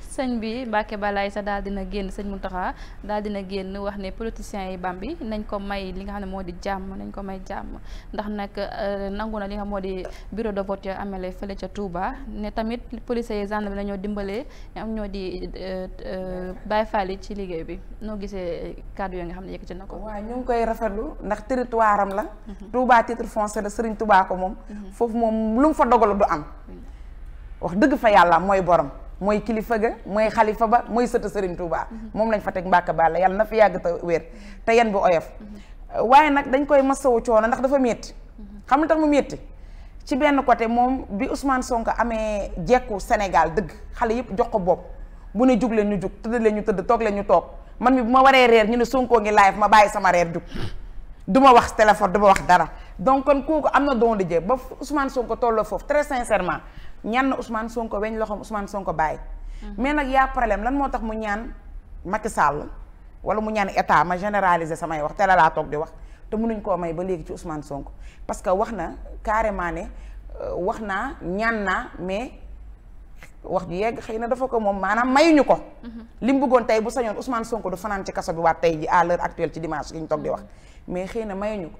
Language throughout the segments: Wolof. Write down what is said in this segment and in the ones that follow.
sëñ bi Mbacke Balaye sax daal dina génn sëñ Mountakha daal dina génn wax ne politiciens yi bi nañ ko may li nga xam ne moo di jàmm nañ ko may jàmm ndax nag euh, nangu na li xam moo di bureau de vote yo amele ca Touba ne tamit policiers yi gendarme nañoo dimbalee am ñoo di euh, euh, Baye Fall yi ci liggéey bi noo gisee kàddu yoo nga xam ne ci na ko waaw ñu ngi koy rafetlu ndax territoire la Touba titre foncier la Serigne Touba ko moom mm-hmm. foofu moom lu mu fa dogal du am wax dëgg fa yàlla mooy borom mooy kilifa ga mooy xalifa ba mooy sëta Serigne Touba. moom lañ fa teg Mbacke Balla yàlla na fi yàgg te wér te yan bi oyof. waaye nag dañ koy masawu coono ndax dafa métti. xam nga tax mu métti ci benn côté moom bi Ousmane sonk amee jekku Sénégal dëgg xale yëpp jox ko bopp bu ne jug leen ñu jug tëdd leen ñu tëdd toog leen ñu toog man mi bu ma waree reer ñu ne Sonko ngi live ma bàyyi sama reer jug. du ma wax téléphone du ma wax dara donc kon kooku am na don de ba Ousmane Sonko tolloo foofu très sincèrement ñaan na Ousmane Sonko weñ loxoom Ousmane Sonko bàyyi. Mhm. mais nag yaa problème lan moo tax mu ñaan Macky Sall wala mu ñaan état ma généraliser samay wax te la laa di wax te mënuñ koo may ba léegi ci Ousmane sonk parce que wax na carrément ne euh, wax naa ñaan naa mais wax ju yegg xëy na dafa ko moom maanaam mayuñu ko. Mhm. li mu buggoon tey bu sañoon Ousmane Sonko du fanaan ci kaso bi waat tey ji à l'heure actuelle ci dimanche gi ñu toog di wax mhm. mais xëy na mayuñu ko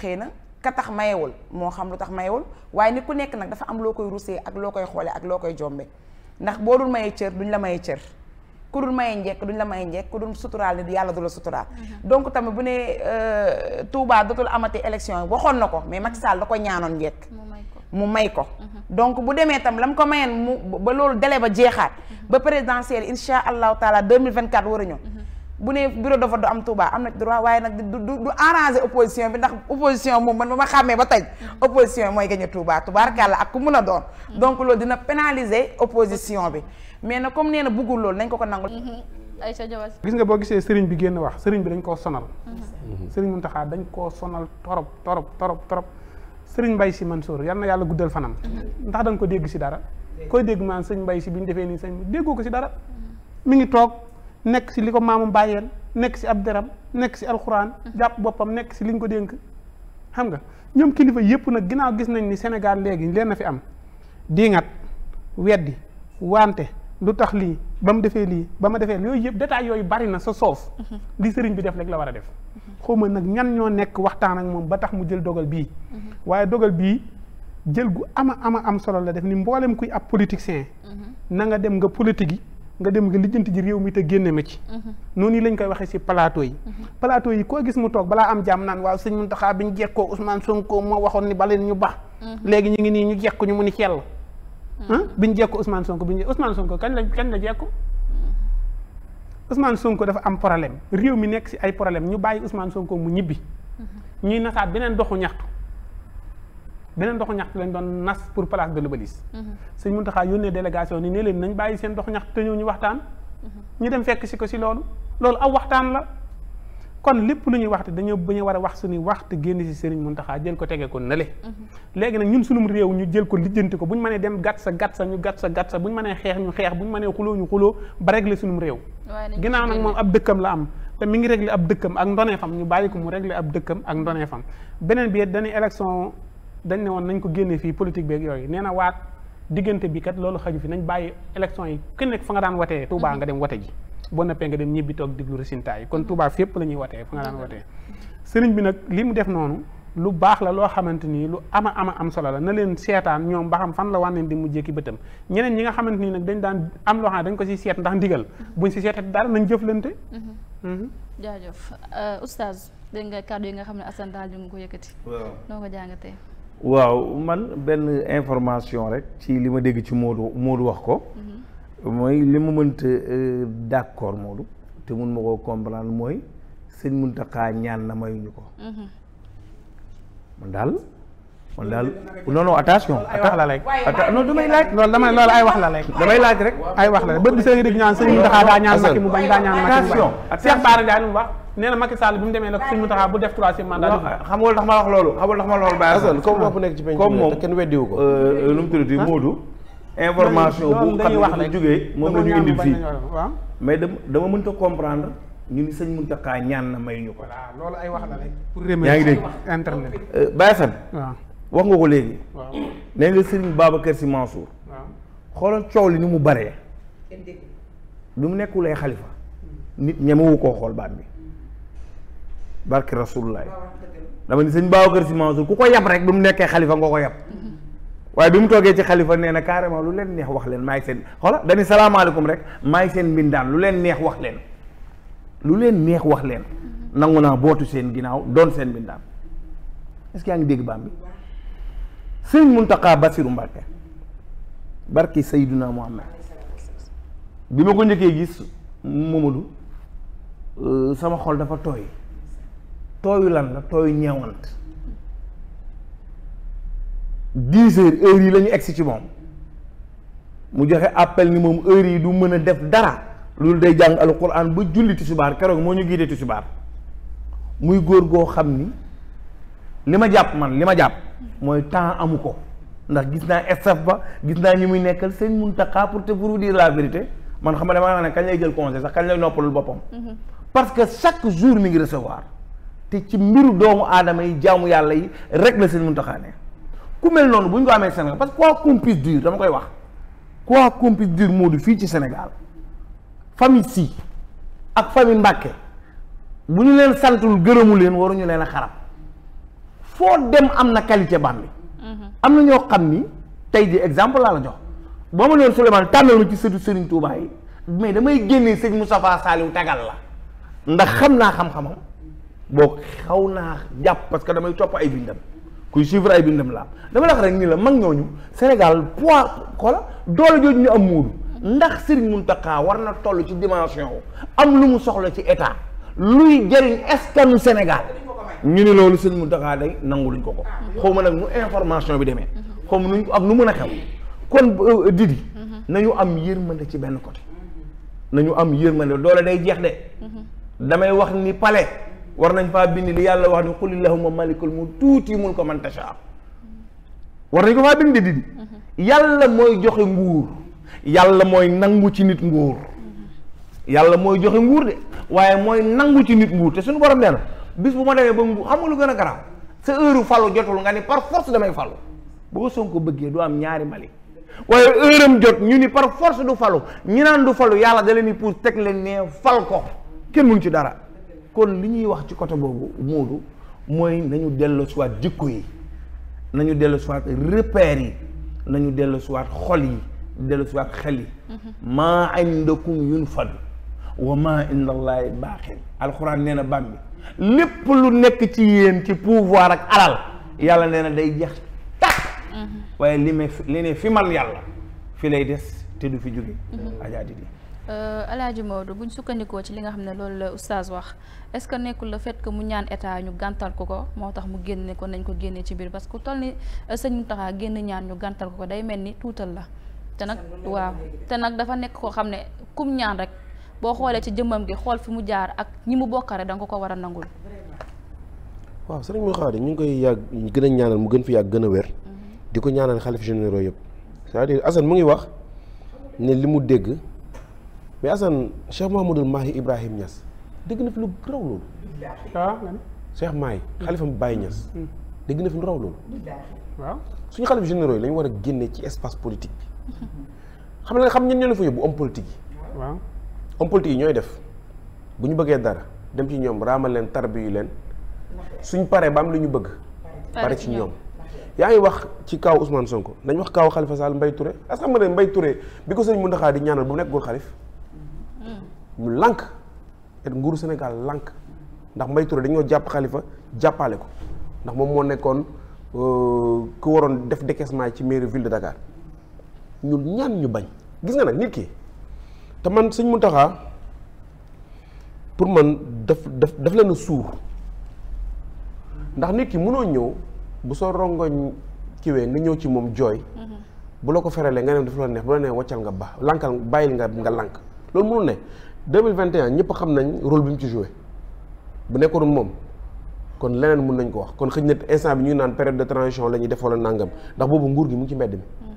xëy na. ka tax mayewul moo xam lu tax mayewul waaye ni ku nekk nag dafa am loo koy rusee ak loo koy xoolee ak loo koy jombe ndax boo dul mayee cër duñ la mayee cër ku dul mayee njekk duñ la mayee njekk ku dul suturaal ni yàlla du la suturaal mhm. donc tamit bu ne euh, Touba dootul amate élection yi waxoon na ko mais Macky Sall da ko ñaanoon njekk mu may ko mhm. donc bu demee tam la mu ko mayeen mu ba loolu délai ba jeexaat mhm. ba présidentielle incha allahu taala 2024 war a ñëw bu nee bureau de vote du am Touba am na droit waaye nag du du arranger opposition bi ndax opposition moom man ba ma xàmmee ba tey opposition mooy gagné Touba tubaarkàlla ak ku mun a doon mm-hmm. donc loolu dina pénaliser opposition bi mais na comme nee na buggul loolu nañ ko ko nangul mm-hmm. gis nga boo gisee sëriñ bi génn wax sëriñ bi dañ koo sonal mm-hmm. sëriñ Mountakha dañ koo sonal torop torop torop torop sëriñ Mbaye Sy Mansour yal na yàlla guddal fanam ndax da ko dégg si dara dégg maan sëñ Mbaye Sy bi ñu defee nii sëñ déggoo ko si dara mi ngi toog nekk si li ko maamam bàyyeen nekk si ab deram nekk si alxuraan. Mm-hmm. jàpp boppam nekk si li ñu ko dénk. xam nga ñoom kilifa yëpp nag ginnaaw gis nañ ni Sénégal léegi leen na fi am diingat weddi wante lu tax lii ba mu defee lii ba ma defee yooyu yëpp détails yooyu bari na sa soof. Mm-hmm. li sëriñ bi def rek la war a def. Mm-hmm. xaw ma nag ñan ñoo nekk waxtaan ak moom ba tax mu jël dogal bii. waaye dogal bii jël gu ama ama am solo la def ni mbooleem kuy ab politicien. na nga dem nga politique yi. nga dem nga lijjanti ji réew mi te génne ma ci mhm. noonu lañ koy waxee si palaato yi mhm. plateau yi koo gis mu toog balaa am jàmm naan waaw sëñ Mountakha bi ñu jekkoo Ousmane Sonko moo waxoon ni ñu ba mhm. léegi ñu ngi nii ñu jekku ñu mu ni cell bi ñu jekkoo Ousmane Sonko bi ñu Ousmane Sonko kañ la kañ la jekku usmaan Sonko dafa am problème réew mi nekk si ay problème ñu bàyyi usmaan Sonko mu ñibbi ñuy nasaat beneen doxu ñaxtu beneen doxu ñaxtu lañ doon nas pour place de l'Obélisque mhm. sëñ taxaa yónnee délégation ni ne leen nañ bàyyi seen doxu ñax te ñëw ñu waxtaan mhm. ñu dem fekk si ko si loolu loolu aw waxtaan la kon lépp lu ñuy waxte dañoo bañ a war a wax suñuy waxte génn si Serigne taxaa jël ko tege ko nale mhm. léegi nag ñun sunum réew ñu jël ko lijjanti ko bu ñu mënee dem gàtt sa gàtt sa ñu gàtt sa gàtt sa bu ñu mënee xeex ñu xeex bu ñu mënee xuloo ñu xuloo ba régler sunum réew ginnaaw nag moom ab dëkkam la am te mi ngi régler ab dëkkam ak ndonee fam ñu bàyyi ko mu régler ak ndonee fam beneen bi dañuy élection dañ ne woon nañ ko génne fii politique beeg yooyu nee na waat diggante bi kat loolu xaju fi nañ bàyyi élection yi ku nekk fa nga daan watee Touba mhm. nga dem wate ji boo noppee nga dem ñibbi toog diglu résultat yi kon mhm. Touba fépp la ñuy watee nga daan mhm. watee sëriñ bi nag li mu def noonu lu baax la loo xamante ni lu ama ama am solo la na leen seetaan ñoom ba xam fan la wànneen di mujjee ki bëtam ñeneen ñi nga xamante ni nag dañ daan am loo xam ne dañ ko ci seet ndax ndigal buñ ci seetee dara nañ jëflante jaajëf euh, oustaz dégg nga kàddu yi nga xam ne Assane daal ñu ko yëkkati. waaw noo jàngatee. waaw man benn information rek ci li ma dégg ci Modou Modou wax ko. Mhm. mooy li ma mënta euh, d' accord Modou te mun ma koo comprendre mooy munta xaa ñaan na mayuñu ko. Mhm. man daal. man daal non non attention. attax la rek non damay laaj loolu damay loolu ay wax la rek. damay laaj rek ay wax la rek bët bi sëñ bi dégg ñaan sëñ Muntaxa daa ñaan Macky mu bañ daa ñaan Macky mu bañ. nee na saal bi mu demee nag suñu taxaa bu def troisième mandat. xam ma wax loolu xam ma loolu bàyyi. asan comme moom nekk ci penc comme moom kenn weddiwu euh, mu tuddati moom la ñu indil fii dama dama mënta comprendre. ñu ni sëñ Mountakha ñaan na may ñu ko. loolu ay wax la rek. yaa ngi dégg internet. Euh, Baye Assane. waaw wax nga ko léegi. waaw nee nga Serigne Babacar Sy coow li mu baree. lu mu nekkul ay xalifa. nit ñemewu koo xool baat bi. barke rasulullaay dama sëñ Babacar Sy ku ko yab rek bi mu nekkee xalifa nga ko yab waaye bi mu toogee ci xalifa nee na carrément lu leen neex wax leen maa ngi seen xoola dañu salaamaaleykum rek maa ngi seen mbindaan lu leen neex wax leen lu leen neex wax leen nangu naa bootu seen ginnaaw doon seen mbindaan est ngi dégg baam bi sëñ Basiru Mbàkke barke Seydina bi ma ko njëkkee gis Momadou euh, sama xol dafa tooy tooyu lan la tooyu ñeewant dix heures heures yi la ñu egsi ci moom mu joxe appel ni moom heure yi du mën a def dara loolu day jàng alquran ba julli tisbaar keroog moo ñu giidee tisbaar muy góor goo xam ni li ma jàpp man li ma jàpp mooy temps amu ko ndax gis naa estaf ba gis naa ñi muy nekkal seen Muntaxa pour te pour vous la vérité man xam nga damaa ne kañ lay jël conseil sax kañ lay noppalul boppam mm-hmm. parce que chaque jour mi ngi recevoir ci mbiru doomu aadama yi jaamu yàlla yi rek la seen mun taxaane ku mel noonu bu ñu ko amee Sénégal parce que quoi qu'on dama koy wax quoi qu'on puisse dire moo di fii ci Sénégal famille si ak famille Mbàkke bu ñu leen santul gërëmu leen waruñu leen a xarab foo dem am na qualité bam mhm. am na ñoo xam ni tey di exemple laa la jox boo ma neen woon Souleymane tànnal ma ci sëtu Serigne Touba yi mais damay génnee sëñ Moustapha Saliou tagal la ndax xam naa xam-xamam boo xaw naa jàpp parce que damay topp ay bindam kuy suivre ay bindam laa dama la wax rek ni la mag ñooñu Sénégal poids xoola doole jooju ñu am muudu ndax Serigne Mountakha war na toll ci dimension am lu mu soxla ci état luy jëriñ askanu Sénégal ñu ni loolu Serigne Mountakha day nangu luñ ko ko xaw ma nag mu information bi demee xaw ma nuñ ko ak nu mën a xew kon euh, Didi nañu am yërmande ci benn côté nañu am yërmande doole day jeex de damay wax ni pale war nañ faa bind li yàlla wax ne xulillahuma malikul mu tuuti mun ko man tasha war nañ ko faa bind di yàlla mooy joxe nguur yàlla mooy nangu ci nit nguur yàlla mooy joxe nguur de waaye mooy nangu ci nit nguur te suñu borom nee na bis bu ma demee ba nguur xam nga lu gën a garaaw sa heure falu jotul nga ni par force damay falu boo Sonko bëggee du am ñaari Mali waaye heure jot ñu ni par force du falu ñu naan du falu yàlla da leen di teg leen ne fal ko kenn mun ci dara kon li ñuy wax ci côté boobu Moodu mooy nañu dellu siwaat jikko yi nañu dellu siwaat repères yi nañu dellu xol yi dellu siwaat xel yi mhm. maa yu yunfadu wa maa indallahi baaxin alxuraan nee na bam bi lépp lu nekk ci yéen ci pouvoir ak alal yàlla nee na day jeex tàkk mhm. waaye li may li ne fi man yàlla fi lay des te du fi jóge mhm. ajaati di Euh, Alaaji Maodo buñ sukkandikoo ci li nga xam ne loolu la oustaz wax est-ce que nekkul le fait que mu ñaan état ñu gàntal ko ko moo tax mu génne ko nañ ko génne ci biir parce que toll ni euh, sëñ Mountakha génn ñaan ñu gàntal ko ko day mel ni tuutal la te nag waaw te nag dafa nekk koo xam ne kum ñaan rek boo xoolee ci jëmmam gi xool fi mu jaar ak ñi mu bokkaree da nga ko war a nangul waaw sëriñ moo xaar ñu ngi koy yàgg gën a ñaanal mu gën fi yàgg gën a wér mhm. di ko ñaanal xalif généraux yëpp cest mu ngi wax ne li mu dégg mais Assane Cheikh Mouhamadul Mahi Ibrahim Niass dégg na fi lu raw loolu. waaw ah. Cheikh Mahi xalifam Baye Niass. Hmm. Hmm. dégg na fi lu raw loolu. waaw suñu xalif généraux yi la war a génne ci espace politique xam nga xam ñun ñoo ne fa yóbbu homme politique yi. waaw homme politique yi ñooy def bu ñu bëggee dara dem ci ñoom raamal leen tarbiyu leen suñ paree ba am lu ñu bëgg. pare ci ñoom. yaa ngi wax ci kaw Ousmane Sonko nañ wax kaw xalifa Sall Mbaye Touré est-ce que xam nga ne Mbaye Touré bi ko sëñ Mountakha di ñaanal bu nekk góor xalif ñu lànk et nguuru Sénégal lànk ndax Mbaye Touré dañoo jàpp xalifa jàppale ko ndax moom moo nekkoon euh, ku waroon def décaissement ci mairie ville de Dakar ñu ñaan ñu bañ gis nga nag nit ki te man Sëñ taxa pour man daf daf daf leen a suur ndax nit ki mënoo ñëw bu soo rongoñ kiwee nga ñëw ci moom jooy mhm. bu la ko feralee nga ne daf la neex bu la nee waccal nga ba lànkal bàyyil nga nga lànk loolu mënul ne 2021 ñëpp xam nañ rôle bi mu ci joué bu nekkoon moom kon leneen mun nañ ko wax kon xëy na instant bi ñuy naan période de transition la ñuy def wala nangam ndax boobu nguur gi mu ngi ci mbedd mi. Mm-hmm.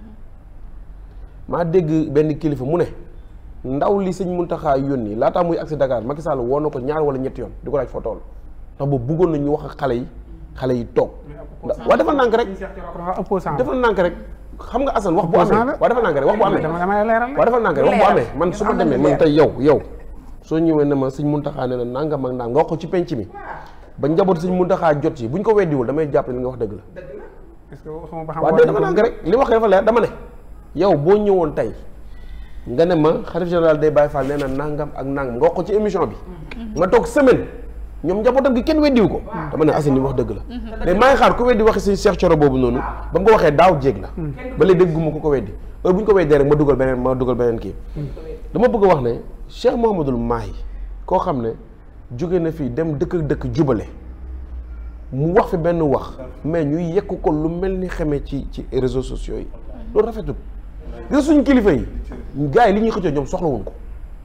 maa dégg benn kilifa mu ne ndaw li sëñ Mountakha yónni laataa muy agsi Dakar Macky Sall woo na ko ñaar wala ñetti yoon di ko laaj fa tool ndax boobu bëggoon nañu wax xale yi xale yi toog. waa dafa nànk rek. dafa nànk rek. xam nga Assane wax bu amee wax bu amee. soo ñëwee ne ma sëñ Muntaxa ne la nangam ak nangam nga wax ko ci penc mi ba njaboot sëñ Muntaxa jot ci buñ ko weddiwul damay jàpp li nga wax dëgg la. est que waxuma ba xam waaw dama nang rek li wax dafa leer dama ne. boo ñëwoon tey nga ne ma xalif général day Baye Fall nee na nangam ak nangam nga ci émission bi. nga mhm. toog semaine ñoom njabootam gi kenn weddiwu ko. dama ne Assane wax dëgg la. Mhm. mais maa ngi xaar ku weddi waxi sëñ Cheikh Coro boobu noonu. ba mu ko waxee daaw jéeg la. Mhm. bale léegi dégguma ko ko weddi heure bu ñu ko weddee rek ma dugal beneen ma dugal beneen kii. dama bëgg a wax ne Cheikh Mouhamadul Mahi koo xam ne jóge na fii dem dëkk dëkk jubale mu wax fi benn wax mais ñu yekk ko lu mel ni xamee ci ci réseaux sociaux yi loolu rafetul. gis suñu kilifa yi gars yi li ñuy xëccoo ñoom soxlawuñ ko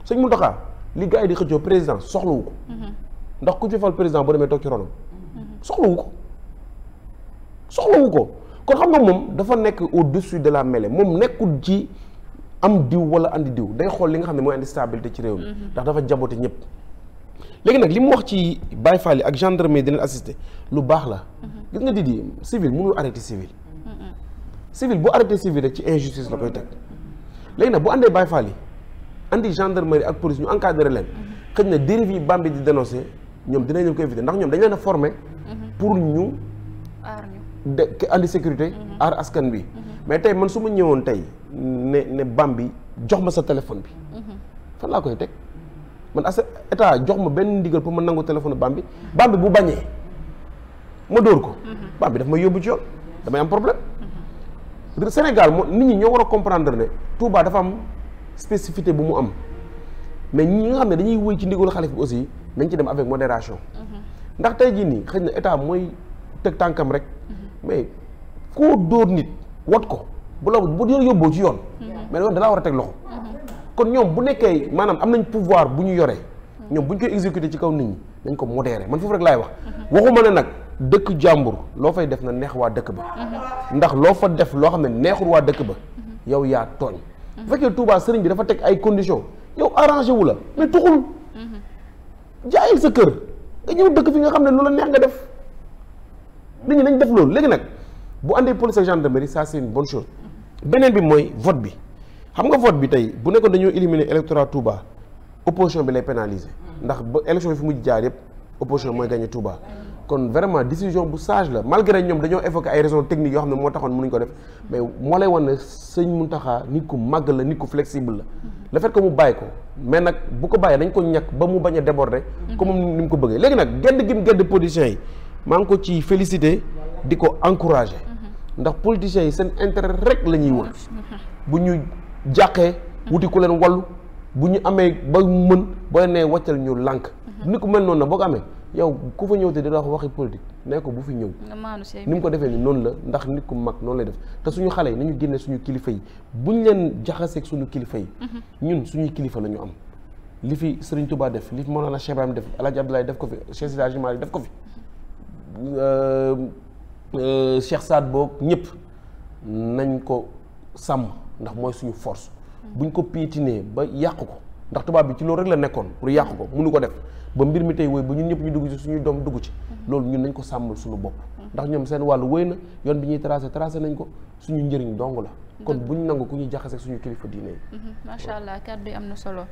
sëñ Mountakha li gars yi di xëccoo président soxlawu ko ndax ku ci fal président boo demee toog ci ronam soxlawu ko soxlawu ko. kon xam nga moom dafa nekk au-dessus de la mêlée moom nekkul ci am diw wala andi diw day xool li nga xam ne mooy andi stabilité ci réew mi mm-hmm. ndax dafa jabote ñëpp léegi nag li mu wax ci Baye Fall yi ak gendarmerie dina assister lu baax la mm-hmm. gis nga Didi civil mënul arrêté civil mm-hmm. civil bu arrêté civil rek ci injustice la koy teg léegi nag bu àndee Baye Fall yi andi gendarmerie ak police ñu encadré leen xëy na dérive yi Bambi di dénoncé ñoom dinañu ko éviter ñoom dañ leen a formé pour ñu de sécurité mhm. aar askan bi mhm. mais tey man su ma ñëwoon tey ne ne bi jox ma sa téléphone bi mhm. fan laa koy teg man as état jox ma benn ndigal pour ma nangu téléphone Bambi Bambi bu bañee ma dóor ko bi daf may yóbbu ci yoon damay am problème Sénégal moo nit ñi ñoo war a comprendre ne Touba dafa am spécificité bu mu am mais ñi nga xam ne dañuy wëy ci ndigal xalif bi aussi nañ ci dem avec modération ndax tey jii nii xëy na état mooy teg tànkam rek mais koo dóor nit wat ko bu la bu dee yóbboo ci yoon. Mm-hmm. mais loolu dalaa war a teg loxo. Mm-hmm. kon ñoom bu nekkee maanaam am nañ pouvoir bu ñu yoree. ñoom bu ñu koy exécuter ci kaw nit ñi dañ ko modérer man foofu rek laay wax. Mm-hmm. waxuma ne nag dëkk jàmbur loo fay def na neex waa dëkk ba. ndax loo fa def loo xam ne neexul waa dëkk ba. yow yaa tooñ. bu fekkee Touba sëriñ bi dafa teg ay conditions yow arrangé wu la mais tuxul. jaayil sa kër nga ñëw dëkk fi nga xam ne loola neex nga def. nit ñi def loolu léegi nag bu àndee police ak gendarmerie ça c'est une chose beneen bi mooy vote bi xam nga vote bi tey bu nekkoon dañoo éliminer électorat Touba opposition bi lay pénaliser ndax ba élection yi fi mujj jaar yëpp opposition mooy gagné Touba kon vraiment décision bu sage la malgré ñoom dañoo évoqué ay raisons techniques yoo xam ne moo taxoon mu mënuñ ko def mais moo lay wan ne sëñ Mountakha nit ku màgg la nit ku flexible la le fait mu bàyyi ko mais nag bu ko bàyyee dañ ko ñàkk ba mu bañ a déborder comme ni ko bëggee léegi nag gedd gi mu gedd politiciens yi maa ngi ko ci félicité di ko encouragé mhm. ndax politiciens yi seen intérêt rek la ñuy wër mhm. bu ñu jàqee wuti ku leen wallu bu ñu amee ba mën boo nee wàccal ñu lànk mhm. ni ko mel noon na boo ko amee yow ku fa ñëw te di la wax waxi politique nee ko bu fi ñëw ni mu ko defee ni noonu la ndax nit ku mag noon lay def te suñu xale yi nañu génne suñu kilifa yi buñ leen jaxaseeg suñu kilifa yi ñun suñuy kilifa la ñu am li fi Serigne Touba def li fi Mawlana Cheikh Ibrahim def ko fi Cheikh Sida def ko fi Euh, euh, Cheikh Saad boog ñëpp nañ ko sàmm ndax mooy suñu force buñ ko piétiner ba yàq ko ndax tubaab bi ci loolu rek la nekkoon pour yàq ko mënu ko def ba mbir mi tey woy ba ñun ñëpp ñu dugg ci suñu doom dugg ci mhm. loolu ñun nañ ko sàmmal suñu bopp mhm. ndax ñoom seen wàllu wéy na yoon bi ñuy tracé tracé nañ ko suñu njëriñ dong la mhm. kon buñ nangu ku ñuy jaxase suñu kilifa diine yi macha allah kàddu yi am na solo